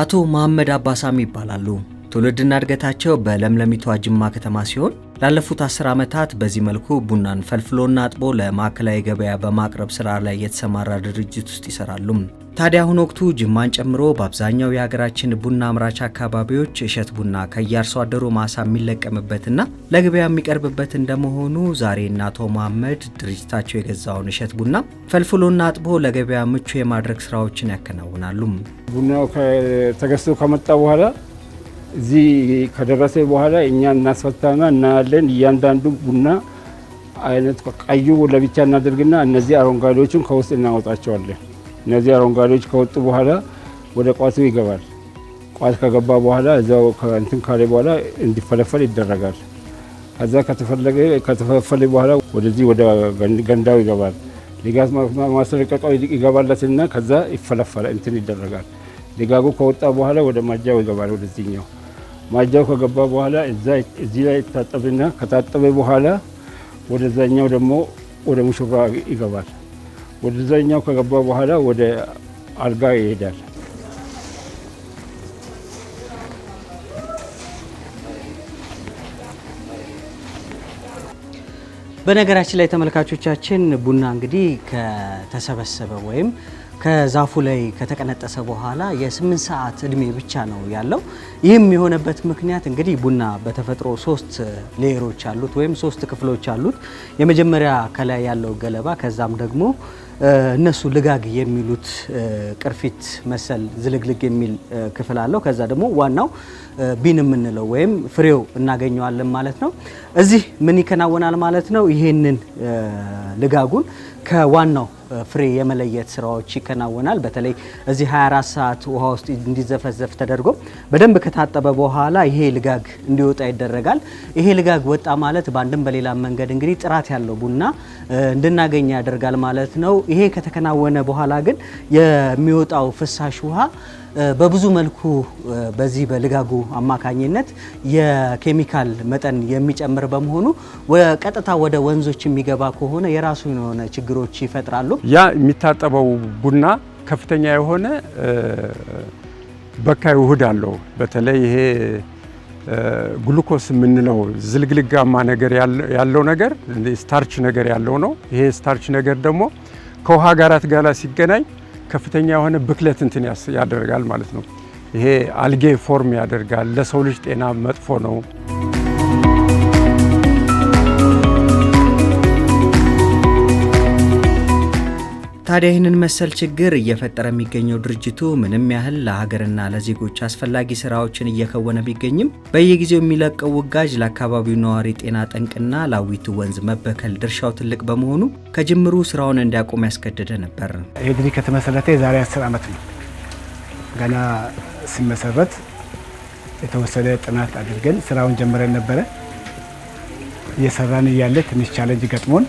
አቶ መሐመድ አባሳም ይባላሉ። ትውልድና እድገታቸው በለምለሚቷ ጅማ ከተማ ሲሆን ላለፉት አስር ዓመታት በዚህ መልኩ ቡናን ፈልፍሎና አጥቦ ለማዕከላዊ ገበያ በማቅረብ ስራ ላይ የተሰማራ ድርጅት ውስጥ ይሰራሉ። ታዲያ አሁን ወቅቱ ጅማን ጨምሮ በአብዛኛው የሀገራችን ቡና አምራች አካባቢዎች እሸት ቡና ከየአርሶ አደሩ ማሳ የሚለቀምበትና ለገበያ የሚቀርብበት እንደመሆኑ ዛሬ እና አቶ መሐመድ ድርጅታቸው የገዛውን እሸት ቡና ፈልፍሎና አጥቦ ለገበያ ምቹ የማድረግ ስራዎችን ያከናውናሉ። ቡናው ተገዝቶ ከመጣ በኋላ እዚህ ከደረሰ በኋላ እኛ እናስፈታና እናያለን። እያንዳንዱ ቡና አይነት ቀዩ ለብቻ እናደርግና እነዚህ አረንጓዴዎችን ከውስጥ እናወጣቸዋለን። እነዚህ አረንጓዴዎች ከወጡ በኋላ ወደ ቋቱ ይገባል። ቋት ከገባ በኋላ እዛው እንትን ካለ በኋላ እንዲፈለፈል ይደረጋል። ከዛ ከተፈለፈለ በኋላ ወደዚህ ወደ ገንዳው ይገባል። ሊጋት ማስለቀቀው ይገባለትና ከዛ ይፈለፈለ እንትን ይደረጋል። ሊጋጉ ከወጣ በኋላ ወደ ማጃው ይገባል። ወደዚህኛው ማጃው ከገባ በኋላ እዚህ ላይ ይታጠብና ከታጠበ በኋላ ወደዛኛው ደግሞ ወደ ሙሽራ ይገባል። ወደዛኛው ከገባ በኋላ ወደ አልጋ ይሄዳል። በነገራችን ላይ ተመልካቾቻችን ቡና እንግዲህ ከተሰበሰበ ወይም ከዛፉ ላይ ከተቀነጠሰ በኋላ የስምንት ሰዓት እድሜ ብቻ ነው ያለው። ይህም የሆነበት ምክንያት እንግዲህ ቡና በተፈጥሮ ሶስት ሌየሮች አሉት ወይም ሶስት ክፍሎች አሉት። የመጀመሪያ ከላይ ያለው ገለባ፣ ከዛም ደግሞ እነሱ ልጋግ የሚሉት ቅርፊት መሰል ዝልግልግ የሚል ክፍል አለው። ከዛ ደግሞ ዋናው ቢን የምንለው ወይም ፍሬው እናገኘዋለን ማለት ነው። እዚህ ምን ይከናወናል ማለት ነው? ይሄንን ልጋጉን ከዋናው ፍሬ የመለየት ስራዎች ይከናወናል። በተለይ እዚህ 24 ሰዓት ውሃ ውስጥ እንዲዘፈዘፍ ተደርጎ በደንብ ከታጠበ በኋላ ይሄ ልጋግ እንዲወጣ ይደረጋል። ይሄ ልጋግ ወጣ ማለት በአንድም በሌላ መንገድ እንግዲህ ጥራት ያለው ቡና እንድናገኝ ያደርጋል ማለት ነው። ይሄ ከተከናወነ በኋላ ግን የሚወጣው ፍሳሽ ውሃ በብዙ መልኩ በዚህ በልጋጉ አማካኝነት የኬሚካል መጠን የሚጨምር በመሆኑ ቀጥታ ወደ ወንዞች የሚገባ ከሆነ የራሱ የሆነ ችግሮች ይፈጥራሉ። ያ የሚታጠበው ቡና ከፍተኛ የሆነ በካይ ውህድ አለው። በተለይ ይሄ ግሉኮስ የምንለው ዝልግልጋማ ነገር ያለው ነገር ስታርች ነገር ያለው ነው። ይሄ ስታርች ነገር ደግሞ ከውሃ ጋራት ጋላ ሲገናኝ ከፍተኛ የሆነ ብክለት እንትን ያደርጋል ማለት ነው። ይሄ አልጌ ፎርም ያደርጋል። ለሰው ልጅ ጤና መጥፎ ነው። ታዲያ ይህንን መሰል ችግር እየፈጠረ የሚገኘው ድርጅቱ ምንም ያህል ለሀገርና ለዜጎች አስፈላጊ ስራዎችን እየከወነ ቢገኝም በየጊዜው የሚለቀው ውጋጅ ለአካባቢው ነዋሪ ጤና ጠንቅና ለአዊቱ ወንዝ መበከል ድርሻው ትልቅ በመሆኑ ከጅምሩ ስራውን እንዲያቆም ያስገደደ ነበር። ይህ ከተመሰረተ የዛሬ አስር ዓመት ነው። ገና ሲመሰረት የተወሰደ ጥናት አድርገን ስራውን ጀምረን ነበረ። እየሰራን እያለ ትንሽ ቻለንጅ ገጥሞን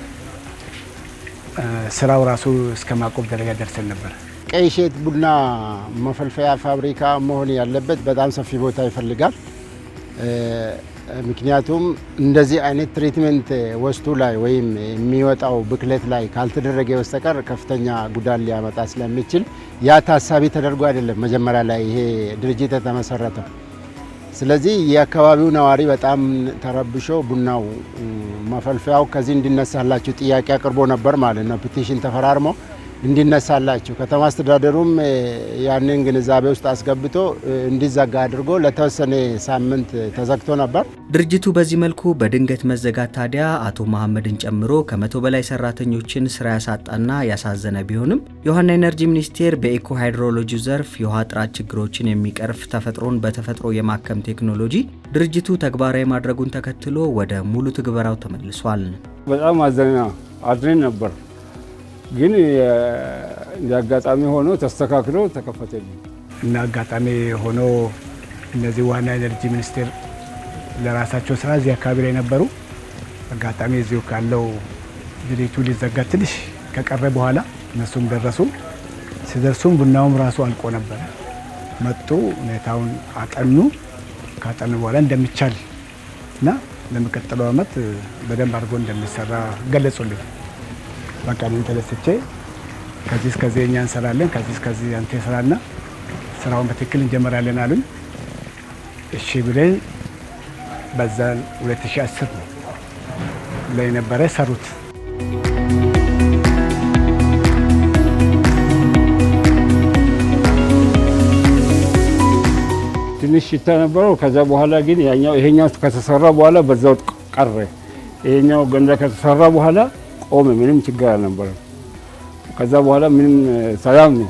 ስራው ራሱ እስከ ማቆም ደረጃ ደርሰን ነበር። ቀይ ቡና መፈልፈያ ፋብሪካ መሆን ያለበት በጣም ሰፊ ቦታ ይፈልጋል። ምክንያቱም እንደዚህ አይነት ትሪትመንት ወስቱ ላይ ወይም የሚወጣው ብክለት ላይ ካልተደረገ በስተቀር ከፍተኛ ጉዳት ሊያመጣ ስለሚችል ያ ታሳቢ ተደርጎ አይደለም መጀመሪያ ላይ ይሄ ድርጅት የተመሰረተው። ስለዚህ የአካባቢው ነዋሪ በጣም ተረብሾ ቡናው መፈልፈያው ከዚህ እንዲነሳላችሁ ጥያቄ አቅርቦ ነበር ማለት ነው። ፒቲሽን ተፈራርሞ እንዲነሳላችሁ ከተማ አስተዳደሩም ያንን ግንዛቤ ውስጥ አስገብቶ እንዲዘጋ አድርጎ ለተወሰነ ሳምንት ተዘግቶ ነበር። ድርጅቱ በዚህ መልኩ በድንገት መዘጋት ታዲያ አቶ መሐመድን ጨምሮ ከመቶ በላይ ሰራተኞችን ስራ ያሳጣና ያሳዘነ ቢሆንም የውሃና ኤነርጂ ሚኒስቴር በኢኮ ሃይድሮሎጂ ዘርፍ የውሃ ጥራት ችግሮችን የሚቀርፍ ተፈጥሮን በተፈጥሮ የማከም ቴክኖሎጂ ድርጅቱ ተግባራዊ ማድረጉን ተከትሎ ወደ ሙሉ ትግበራው ተመልሷል። በጣም አዘነ አዝነን ነበር ግን እንደ አጋጣሚ ሆኖ ተስተካክሎ ተከፈተልኝ እና አጋጣሚ ሆኖ እነዚህ ዋና ኤነርጂ ሚኒስቴር ለራሳቸው ስራ እዚህ አካባቢ ላይ ነበሩ። አጋጣሚ እዚሁ ካለው ድሪቱ ሊዘጋ ትንሽ ከቀረ በኋላ እነሱም ደረሱ። ሲደርሱም ቡናውም ራሱ አልቆ ነበረ። መጡ፣ ሁኔታውን አጠኑ። ካጠኑ በኋላ እንደሚቻል እና ለሚቀጥለው ዓመት በደንብ አድርጎ እንደሚሰራ ገለጹልኝ። በቃ እኔን ተለስቼ ከዚህ እስከዚህ እኛ እንሰራለን፣ ከዚህ እስከዚህ አንተ ስራና ስራውን በትክክል እንጀምራለን አሉኝ። እሺ ብለኝ በዛ 2010 ነው ላይ ነበረ ሰሩት። ትንሽ ሽታ ነበረው። ከዛ በኋላ ግን ያኛው ይሄኛው ከተሰራ በኋላ በዛው ቀረ። ይሄኛው ገንዳ ከተሰራ በኋላ ቆመ። ምንም ችግር አልነበረም። ከዛ በኋላ ምንም ሰላም ነው።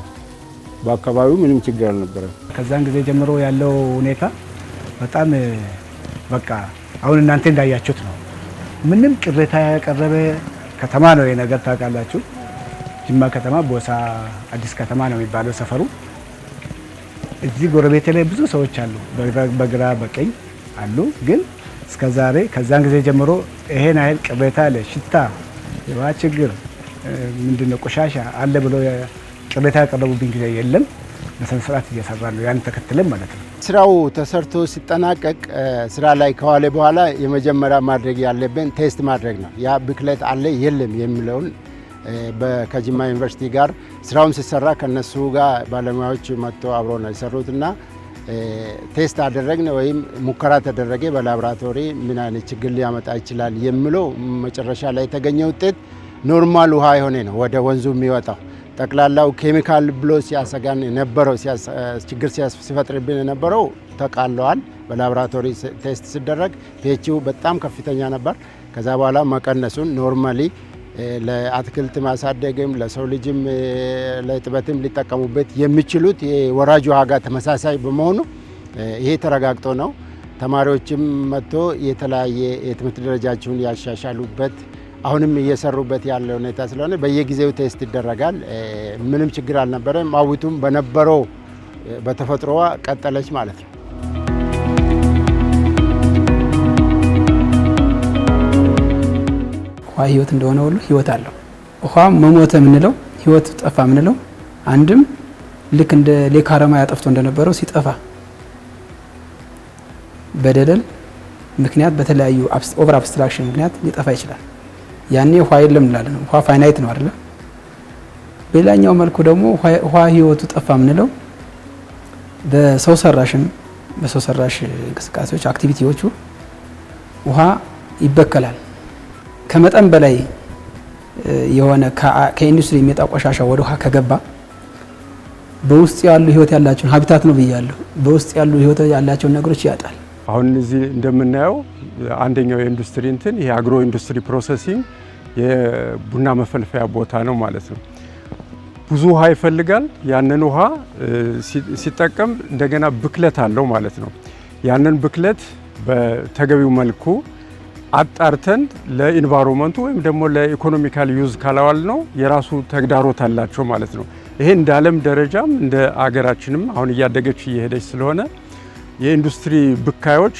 በአካባቢው ምንም ችግር አልነበረም። ከዛን ጊዜ ጀምሮ ያለው ሁኔታ በጣም በቃ አሁን እናንተ እንዳያችሁት ነው። ምንም ቅሬታ ያቀረበ ከተማ ነው የነገር ታውቃላችሁ። ጅማ ከተማ ቦሳ አዲስ ከተማ ነው የሚባለው ሰፈሩ። እዚህ ጎረቤት ላይ ብዙ ሰዎች አሉ፣ በግራ በቀኝ አሉ። ግን እስከዛሬ ከዛን ጊዜ ጀምሮ ይሄን ያህል ቅሬታ ለሽታ የውሃ ችግር ምንድነው ቆሻሻ አለ ብሎ ቅሬታ ያቀረቡብኝ ጊዜ የለም። በስነ ስርዓት እየሰራ ነው። ያን ተከትለን ማለት ነው። ስራው ተሰርቶ ሲጠናቀቅ ስራ ላይ ከዋለ በኋላ የመጀመሪያ ማድረግ ያለብን ቴስት ማድረግ ነው። ያ ብክለት አለ የለም የሚለውን ከጅማ ዩኒቨርሲቲ ጋር ስራውን ሲሰራ ከነሱ ጋር ባለሙያዎች መጥቶ አብሮ ነው የሰሩትና ቴስት አደረግን ወይም ሙከራ ተደረገ በላብራቶሪ ምን አይነት ችግር ሊያመጣ ይችላል የሚለው መጨረሻ ላይ የተገኘ ውጤት ኖርማል ውሃ የሆነ ነው ወደ ወንዙ የሚወጣው። ጠቅላላው ኬሚካል ብሎ ሲያሰጋን የነበረው ችግር ሲፈጥርብን የነበረው ተቃለዋል። በላብራቶሪ ቴስት ሲደረግ ፒኤችው በጣም ከፍተኛ ነበር። ከዛ በኋላ መቀነሱን ኖርማሊ ለአትክልት ማሳደግም ለሰው ልጅም ለእጥበትም ሊጠቀሙበት የሚችሉት የወራጅ ውሃ ጋር ተመሳሳይ በመሆኑ ይሄ ተረጋግጦ ነው። ተማሪዎችም መጥቶ የተለያየ የትምህርት ደረጃቸውን ያሻሻሉበት አሁንም እየሰሩበት ያለ ሁኔታ ስለሆነ በየጊዜው ቴስት ይደረጋል። ምንም ችግር አልነበረም። አዊቱም በነበረው በተፈጥሮዋ ቀጠለች ማለት ነው። ውሃ ህይወት እንደሆነ ሁሉ ህይወት አለው። ውሃ መሞተ የምንለው ህይወት ጠፋ የምንለው አንድም ልክ እንደ ሌክ አረማያ ጠፍቶ እንደነበረው ሲጠፋ በደለል ምክንያት በተለያዩ ኦቨር አብስትራክሽን ምክንያት ሊጠፋ ይችላል። ያኔ ውሃ የለም እንላለን። ውሃ ፋይናይት ነው አይደለም። በሌላኛው መልኩ ደግሞ ውሃ ህይወቱ ጠፋ የምንለው በሰው ሰራሽም በሰው ሰራሽ እንቅስቃሴዎች አክቲቪቲዎቹ ውሃ ይበከላል። ከመጠን በላይ የሆነ ከኢንዱስትሪ የሚወጣ ቆሻሻ ወደ ውሃ ከገባ በውስጥ ያሉ ህይወት ያላቸውን ሀብታት ነው ብያለሁ። በውስጥ ያሉ ህይወት ያላቸውን ነገሮች ያጣል። አሁን እዚህ እንደምናየው አንደኛው የኢንዱስትሪ እንትን ይሄ አግሮ ኢንዱስትሪ ፕሮሰሲንግ የቡና መፈልፈያ ቦታ ነው ማለት ነው። ብዙ ውሃ ይፈልጋል። ያንን ውሃ ሲጠቀም እንደገና ብክለት አለው ማለት ነው። ያንን ብክለት በተገቢው መልኩ አጣርተን ለኢንቫይሮንመንቱ ወይም ደግሞ ለኢኮኖሚካል ዩዝ ካላዋል ነው የራሱ ተግዳሮት አላቸው ማለት ነው። ይሄ እንደ ዓለም ደረጃም እንደ አገራችንም አሁን እያደገች እየሄደች ስለሆነ የኢንዱስትሪ ብካዮች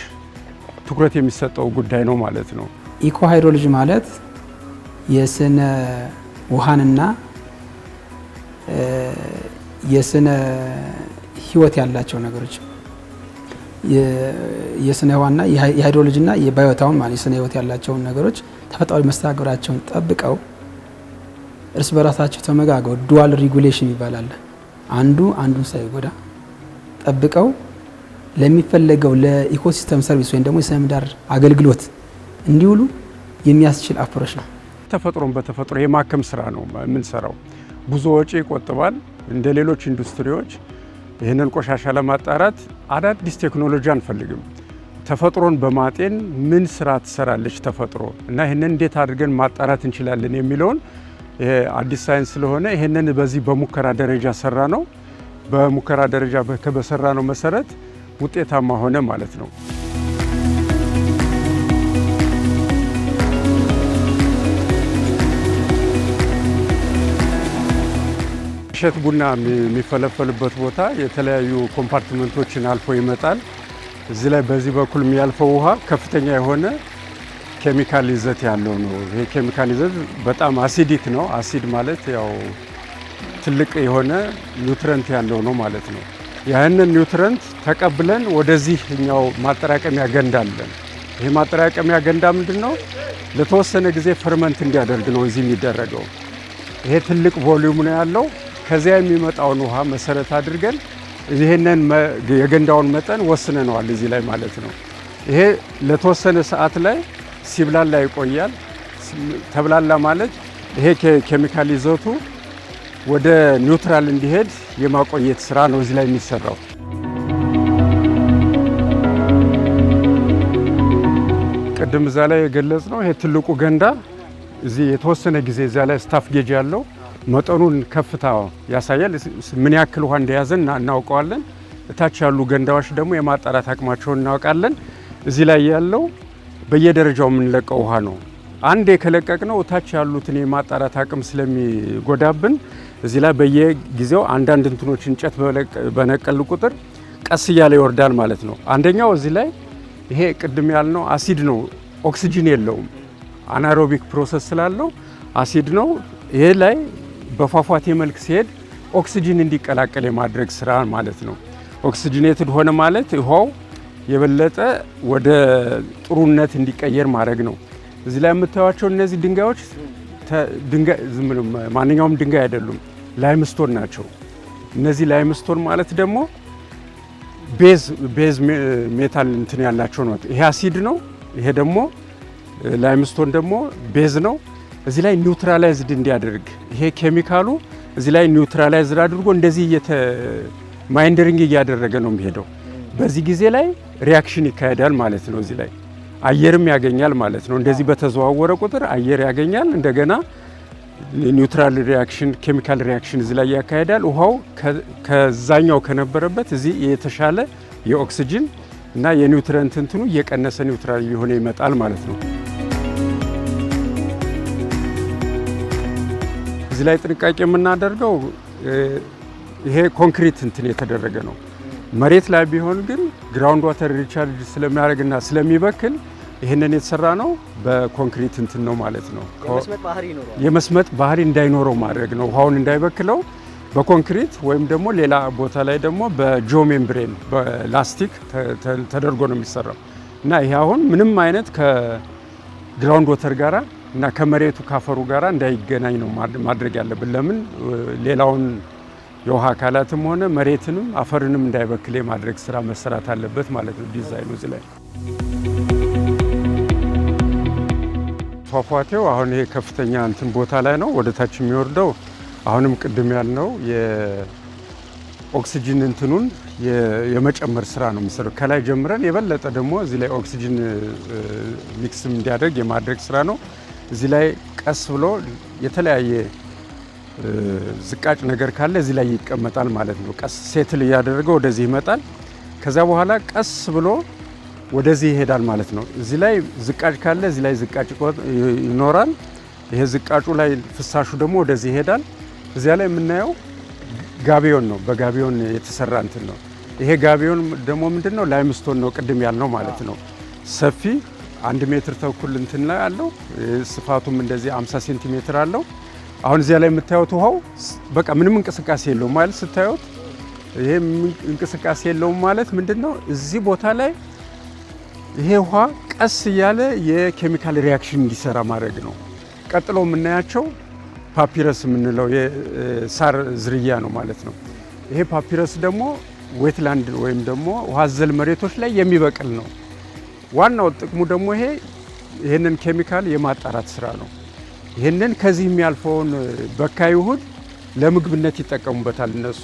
ትኩረት የሚሰጠው ጉዳይ ነው ማለት ነው። ኢኮ ሃይድሮሎጂ ማለት የስነ ውሃንና የስነ ህይወት ያላቸው ነገሮች የስነ ህዋና የሃይድሮሎጂና የባዮታውን ማለት የስነ ህይወት ያላቸውን ነገሮች ተፈጥሯዊ መስተጋብራቸውን ጠብቀው እርስ በራሳቸው ተመጋገው ዱዋል ሬጉሌሽን ይባላል። አንዱ አንዱን ሳይጎዳ ጠብቀው ለሚፈለገው ለኢኮሲስተም ሰርቪስ ወይም ደግሞ የስነ ምህዳር አገልግሎት እንዲውሉ የሚያስችል አፕሮች ነው። ተፈጥሮን በተፈጥሮ የማከም ስራ ነው የምንሰራው። ብዙ ወጪ ይቆጥባል። እንደ ሌሎች ኢንዱስትሪዎች ይህንን ቆሻሻ ለማጣራት አዳዲስ ቴክኖሎጂ አንፈልግም። ተፈጥሮን በማጤን ምን ስራ ትሰራለች ተፈጥሮ እና ይህንን እንዴት አድርገን ማጣራት እንችላለን የሚለውን አዲስ ሳይንስ ስለሆነ ይህንን በዚህ በሙከራ ደረጃ ሰራ ነው። በሙከራ ደረጃ በሰራ ነው መሰረት ውጤታማ ሆነ ማለት ነው። እሸት ቡና የሚፈለፈልበት ቦታ የተለያዩ ኮምፓርትመንቶችን አልፎ ይመጣል። እዚህ ላይ በዚህ በኩል የሚያልፈው ውሃ ከፍተኛ የሆነ ኬሚካል ይዘት ያለው ነው። ይሄ ኬሚካል ይዘት በጣም አሲዲክ ነው። አሲድ ማለት ያው ትልቅ የሆነ ኒውትረንት ያለው ነው ማለት ነው። ያህንን ኒውትረንት ተቀብለን ወደዚህ እኛው ማጠራቀሚያ ገንዳ አለን። ይሄ ማጠራቀሚያ ገንዳ ምንድን ነው? ለተወሰነ ጊዜ ፈርመንት እንዲያደርግ ነው እዚህ የሚደረገው። ይሄ ትልቅ ቮሊዩም ነው ያለው። ከዚያ የሚመጣውን ውሃ መሰረት አድርገን ይህንን የገንዳውን መጠን ወስነነዋል እዚህ ላይ ማለት ነው። ይሄ ለተወሰነ ሰዓት ላይ ሲብላላ ይቆያል። ተብላላ ማለት ይሄ ኬሚካል ይዘቱ ወደ ኒውትራል እንዲሄድ የማቆየት ስራ ነው እዚህ ላይ የሚሰራው። ቅድም እዛ ላይ የገለጽ ነው። ይሄ ትልቁ ገንዳ እዚህ የተወሰነ ጊዜ እዚያ ላይ ስታፍ ጌጅ ያለው መጠኑን ከፍታ ያሳያል። ምን ያክል ውሃ እንደያዘ እናውቀዋለን። እታች ያሉ ገንዳዎች ደግሞ የማጣራት አቅማቸውን እናውቃለን። እዚህ ላይ ያለው በየደረጃው የምንለቀው ውሃ ነው። አንድ የከለቀቅ ነው እታች ያሉትን የማጣራት አቅም ስለሚጎዳብን እዚህ ላይ በየጊዜው አንዳንድ እንትኖች እንጨት በነቀል ቁጥር ቀስ እያለ ይወርዳል ማለት ነው። አንደኛው እዚህ ላይ ይሄ ቅድም ያልነው አሲድ ነው። ኦክሲጅን የለውም። አናሮቢክ ፕሮሰስ ስላለው አሲድ ነው። ይሄ ላይ በፏፏቴ መልክ ሲሄድ ኦክስጂን እንዲቀላቀል የማድረግ ስራ ማለት ነው። ኦክስጂኔትድ ሆነ ማለት ውሃው የበለጠ ወደ ጥሩነት እንዲቀየር ማድረግ ነው። እዚህ ላይ የምታዩቸው እነዚህ ድንጋዮች ማንኛውም ድንጋይ አይደሉም፣ ላይምስቶን ናቸው። እነዚህ ላይምስቶን ማለት ደግሞ ቤዝ ሜታል እንትን ያላቸው ነው። ይሄ አሲድ ነው። ይሄ ደግሞ ላይምስቶን ደግሞ ቤዝ ነው። እዚህ ላይ ኒውትራላይዝድ እንዲያደርግ ይሄ ኬሚካሉ እዚህ ላይ ኒውትራላይዝድ አድርጎ እንደዚህ ማይንደሪንግ እያደረገ ነው የሚሄደው። በዚህ ጊዜ ላይ ሪያክሽን ይካሄዳል ማለት ነው። እዚህ ላይ አየርም ያገኛል ማለት ነው። እንደዚህ በተዘዋወረ ቁጥር አየር ያገኛል። እንደገና ኒውትራል ሪያክሽን ኬሚካል ሪያክሽን እዚህ ላይ ያካሄዳል። ውሃው ከዛኛው ከነበረበት እዚህ የተሻለ የኦክስጅን እና የኒውትረንት እንትኑ እየቀነሰ ኒውትራል እየሆነ ይመጣል ማለት ነው። እዚህ ላይ ጥንቃቄ የምናደርገው ይሄ ኮንክሪት እንትን የተደረገ ነው። መሬት ላይ ቢሆን ግን ግራውንድ ዋተር ሪቻርጅ ስለሚያደርግና ስለሚበክል ይህንን የተሰራ ነው በኮንክሪት እንትን ነው ማለት ነው። የመስመጥ ባህሪ እንዳይኖረው ማድረግ ነው፣ ውሃውን እንዳይበክለው በኮንክሪት ወይም ደግሞ ሌላ ቦታ ላይ ደግሞ በጂኦሜምብሬን በላስቲክ ተደርጎ ነው የሚሰራው እና ይሄ አሁን ምንም አይነት ከግራውንድ ወተር ጋራ እና ከመሬቱ ካፈሩ ጋር እንዳይገናኝ ነው ማድረግ ያለብን። ለምን ሌላውን የውሃ አካላትም ሆነ መሬትንም አፈርንም እንዳይበክል የማድረግ ስራ መሰራት አለበት ማለት ነው። ዲዛይኑ እዚህ ላይ ፏፏቴው አሁን ይሄ ከፍተኛ እንትን ቦታ ላይ ነው ወደ ታች የሚወርደው። አሁንም ቅድም ያልነው የኦክሲጂን እንትኑን የመጨመር ስራ ነው የሚሰራው። ከላይ ጀምረን የበለጠ ደግሞ እዚህ ላይ ኦክሲጂን ሚክስም እንዲያደርግ የማድረግ ስራ ነው። እዚህ ላይ ቀስ ብሎ የተለያየ ዝቃጭ ነገር ካለ እዚህ ላይ ይቀመጣል ማለት ነው። ቀስ ሴትል እያደረገ ወደዚህ ይመጣል። ከዛ በኋላ ቀስ ብሎ ወደዚህ ይሄዳል ማለት ነው። እዚህ ላይ ዝቃጭ ካለ እዚህ ላይ ዝቃጭ ይኖራል። ይሄ ዝቃጩ ላይ ፍሳሹ ደግሞ ወደዚህ ይሄዳል። እዚያ ላይ የምናየው ጋቢዮን ነው። በጋቢዮን የተሰራ እንትን ነው። ይሄ ጋቢዮን ደግሞ ምንድን ነው? ላይምስቶን ነው፣ ቅድም ያልነው ማለት ነው። ሰፊ አንድ ሜትር ተኩል እንትን ላይ አለው። ስፋቱም እንደዚህ 50 ሴንቲሜትር አለው። አሁን እዚያ ላይ የምታዩት ውሃው በቃ ምንም እንቅስቃሴ የለውም ማለት ስታዩት፣ ይሄ እንቅስቃሴ የለውም ማለት ምንድን ነው? እዚህ ቦታ ላይ ይሄ ውሃ ቀስ እያለ የኬሚካል ሪያክሽን እንዲሰራ ማድረግ ነው። ቀጥሎ የምናያቸው ፓፒረስ የምንለው የሳር ዝርያ ነው ማለት ነው። ይሄ ፓፒረስ ደግሞ ዌትላንድ ወይም ደግሞ ውሃ ዘል መሬቶች ላይ የሚበቅል ነው። ዋናው ጥቅሙ ደግሞ ይሄ ይህንን ኬሚካል የማጣራት ስራ ነው። ይህንን ከዚህ የሚያልፈውን በካይ ውህድ ለምግብነት ይጠቀሙበታል እነሱ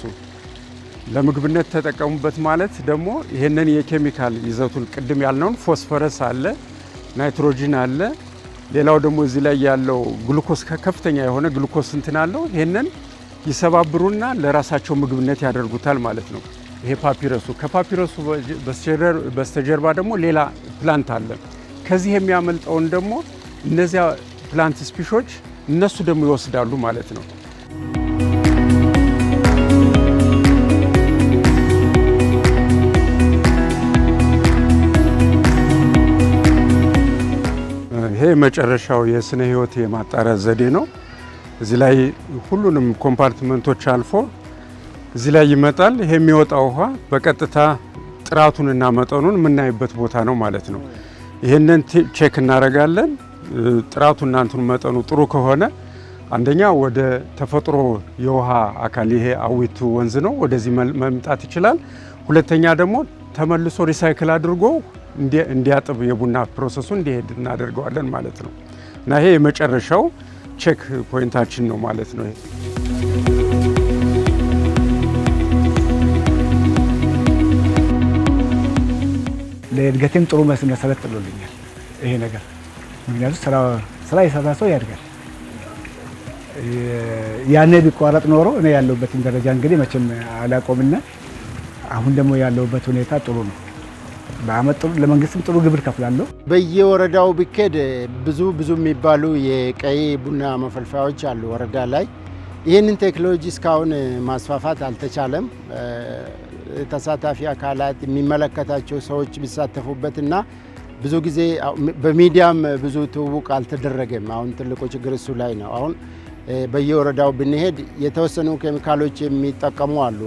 ለምግብነት ተጠቀሙበት ማለት ደግሞ ይህንን የኬሚካል ይዘቱን ቅድም ያልነውን ፎስፈረስ አለ፣ ናይትሮጂን አለ። ሌላው ደግሞ እዚህ ላይ ያለው ግሉኮስ ከፍተኛ የሆነ ግሉኮስ እንትን አለው። ይህንን ይሰባብሩና ለራሳቸው ምግብነት ያደርጉታል ማለት ነው። ይሄ ፓፒረሱ ከፓፒረሱ በስተጀርባ ደግሞ ሌላ ፕላንት አለን። ከዚህ የሚያመልጠውን ደግሞ እነዚያ ፕላንት ስፒሾች እነሱ ደግሞ ይወስዳሉ ማለት ነው። ይሄ መጨረሻው የስነ ህይወት የማጣሪያ ዘዴ ነው። እዚህ ላይ ሁሉንም ኮምፓርትመንቶች አልፎ እዚህ ላይ ይመጣል። ይሄ የሚወጣው ውሃ በቀጥታ ጥራቱንና መጠኑን የምናይበት ቦታ ነው ማለት ነው። ይህንን ቼክ እናደርጋለን። ጥራቱ እናንቱን መጠኑ ጥሩ ከሆነ አንደኛ ወደ ተፈጥሮ የውሃ አካል ይሄ አዊቱ ወንዝ ነው፣ ወደዚህ መምጣት ይችላል። ሁለተኛ ደግሞ ተመልሶ ሪሳይክል አድርጎ እንዲያጥብ የቡና ፕሮሰሱ እንዲሄድ እናደርገዋለን ማለት ነው እና ይሄ የመጨረሻው ቼክ ፖይንታችን ነው ማለት ነው። ለእድገቴም ጥሩ መሰረት ጥሎልኛል ይሄ ነገር። ምክንያቱም ስራ የሰራ ሰው ያድጋል። ያኔ ቢቋረጥ ኖሮ እኔ ያለሁበትን ደረጃ እንግዲህ መቼም አላቆምና አሁን ደግሞ ያለሁበት ሁኔታ ጥሩ ነው። በአመት ለመንግስትም ጥሩ ግብር ከፍላለሁ። በየወረዳው ቢኬድ ብዙ ብዙ የሚባሉ የቀይ ቡና መፈልፈያዎች አሉ ወረዳ ላይ። ይህንን ቴክኖሎጂ እስካሁን ማስፋፋት አልተቻለም። ተሳታፊ አካላት የሚመለከታቸው ሰዎች ቢሳተፉበት እና ብዙ ጊዜ በሚዲያም ብዙ ትውውቅ አልተደረገም። አሁን ትልቁ ችግር እሱ ላይ ነው። አሁን በየወረዳው ብንሄድ የተወሰኑ ኬሚካሎች የሚጠቀሙ አሉ፣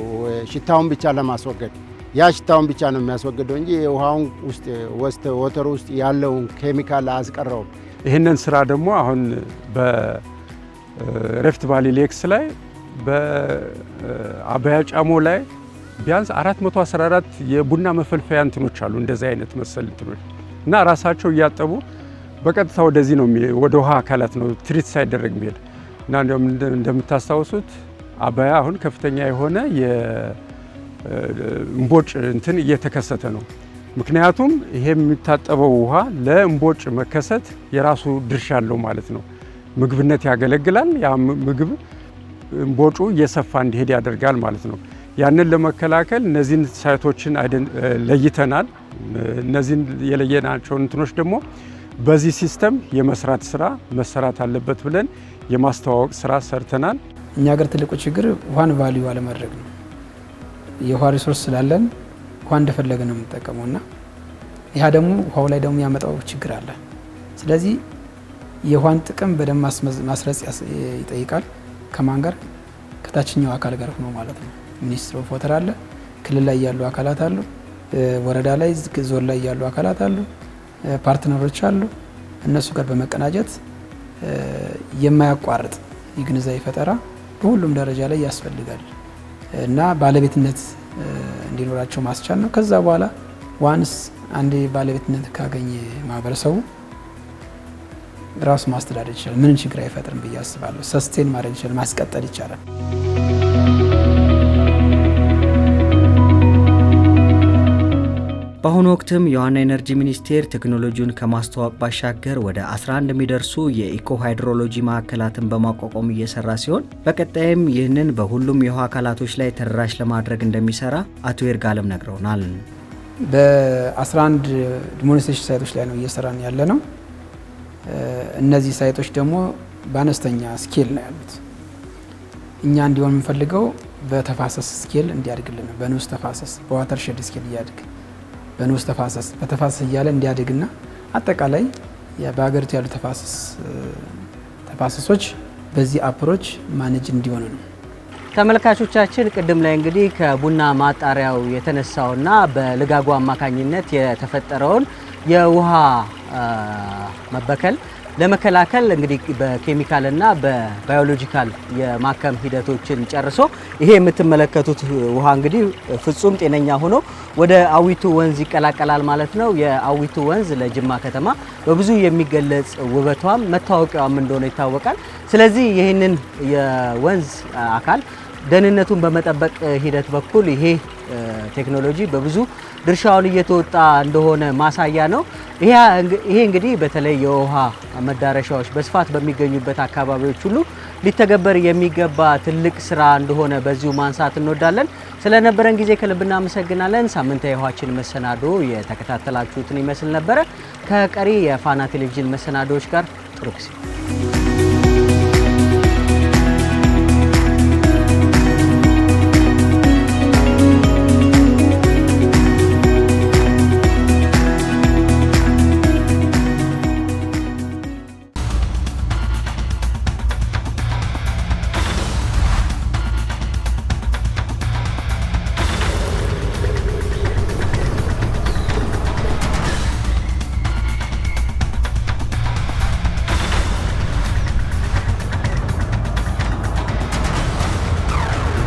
ሽታውን ብቻ ለማስወገድ። ያ ሽታውን ብቻ ነው የሚያስወግደው እንጂ ውሃውን ውስጥ ወተሩ ውስጥ ያለውን ኬሚካል አያስቀረውም። ይህንን ስራ ደግሞ አሁን በሬፍት ቫሊ ሌክስ ላይ በአባያ ጫሞ ላይ ቢያንስ 414 የቡና መፈልፈያ እንትኖች አሉ። እንደዚህ አይነት መሰል እንትኖች እና ራሳቸው እያጠቡ በቀጥታ ወደዚህ ነው ወደ ውሃ አካላት ነው ትሪት ሳይደረግ ሚሄድ እና እንደምታስታውሱት አባያ አሁን ከፍተኛ የሆነ የእምቦጭ እንትን እየተከሰተ ነው። ምክንያቱም ይሄ የሚታጠበው ውሃ ለእምቦጭ መከሰት የራሱ ድርሻ አለው ማለት ነው። ምግብነት ያገለግላል። ያ ምግብ እምቦጩ እየሰፋ እንዲሄድ ያደርጋል ማለት ነው። ያንን ለመከላከል እነዚህን ሳይቶችን ለይተናል። እነዚህን የለየናቸው እንትኖች ደግሞ በዚህ ሲስተም የመስራት ስራ መሰራት አለበት ብለን የማስተዋወቅ ስራ ሰርተናል። እኛ ሀገር ትልቁ ችግር ውሃን ቫሊዩ አለማድረግ ነው። የውሃ ሪሶርስ ስላለን ውሃ እንደፈለገ ነው የምንጠቀመው እና ይህ ደግሞ ውሃው ላይ ደግሞ ያመጣው ችግር አለ። ስለዚህ የውሃን ጥቅም በደንብ ማስረጽ ይጠይቃል። ከማን ጋር? ከታችኛው አካል ጋር ሆኖ ማለት ነው። ሚኒስትር ኦፍ ወተር አለ፣ ክልል ላይ ያሉ አካላት አሉ፣ ወረዳ ላይ ዞን ላይ ያሉ አካላት አሉ፣ ፓርትነሮች አሉ። እነሱ ጋር በመቀናጀት የማያቋርጥ የግንዛቤ ፈጠራ በሁሉም ደረጃ ላይ ያስፈልጋል እና ባለቤትነት እንዲኖራቸው ማስቻል ነው። ከዛ በኋላ ዋንስ አንዴ ባለቤትነት ካገኘ ማህበረሰቡ ራሱ ማስተዳደር ይችላል። ምንም ችግር አይፈጥርም ብዬ አስባለሁ። ሰስቴን ማድረግ ይችላል፣ ማስቀጠል ይቻላል። በአሁኑ ወቅትም የዋና ኤነርጂ ሚኒስቴር ቴክኖሎጂውን ከማስተዋወቅ ባሻገር ወደ 11 የሚደርሱ የኢኮ ሃይድሮሎጂ ማዕከላትን በማቋቋም እየሰራ ሲሆን በቀጣይም ይህንን በሁሉም የውሃ አካላቶች ላይ ተደራሽ ለማድረግ እንደሚሰራ አቶ ይርጋለም ነግረውናል። በ11 ዲሞንስትሬሽን ሳይቶች ላይ ነው እየሰራን ያለ ነው። እነዚህ ሳይቶች ደግሞ በአነስተኛ ስኬል ነው ያሉት። እኛ እንዲሆን የምንፈልገው በተፋሰስ ስኬል እንዲያድግልን፣ በንዑስ ተፋሰስ በዋተርሸድ ስኬል እንዲያድግ በንዑስ ተፋሰስ በተፋሰስ እያለ እንዲያድግና አጠቃላይ በሀገሪቱ ያሉ ተፋሰሶች በዚህ አፕሮች ማነጅ እንዲሆኑ ነው። ተመልካቾቻችን ቅድም ላይ እንግዲህ ከቡና ማጣሪያው የተነሳውና በልጋጉ አማካኝነት የተፈጠረውን የውሃ መበከል ለመከላከል እንግዲህ በኬሚካልና በባዮሎጂካል የማከም ሂደቶችን ጨርሶ ይሄ የምትመለከቱት ውሃ እንግዲህ ፍጹም ጤነኛ ሆኖ ወደ አዊቱ ወንዝ ይቀላቀላል ማለት ነው። የአዊቱ ወንዝ ለጅማ ከተማ በብዙ የሚገለጽ ውበቷም መታወቂያዋም እንደሆነ ይታወቃል። ስለዚህ ይህንን የወንዝ አካል ደህንነቱን በመጠበቅ ሂደት በኩል ይሄ ቴክኖሎጂ በብዙ ድርሻውን እየተወጣ እንደሆነ ማሳያ ነው። ይሄ እንግዲህ በተለይ የውሃ መዳረሻዎች በስፋት በሚገኙበት አካባቢዎች ሁሉ ሊተገበር የሚገባ ትልቅ ስራ እንደሆነ በዚሁ ማንሳት እንወዳለን። ስለነበረን ጊዜ ከልብ እናመሰግናለን። ሳምንታ የውሃችን መሰናዶ የተከታተላችሁትን ይመስል ነበረ። ከቀሪ የፋና ቴሌቪዥን መሰናዶዎች ጋር ጥሩ ጊዜ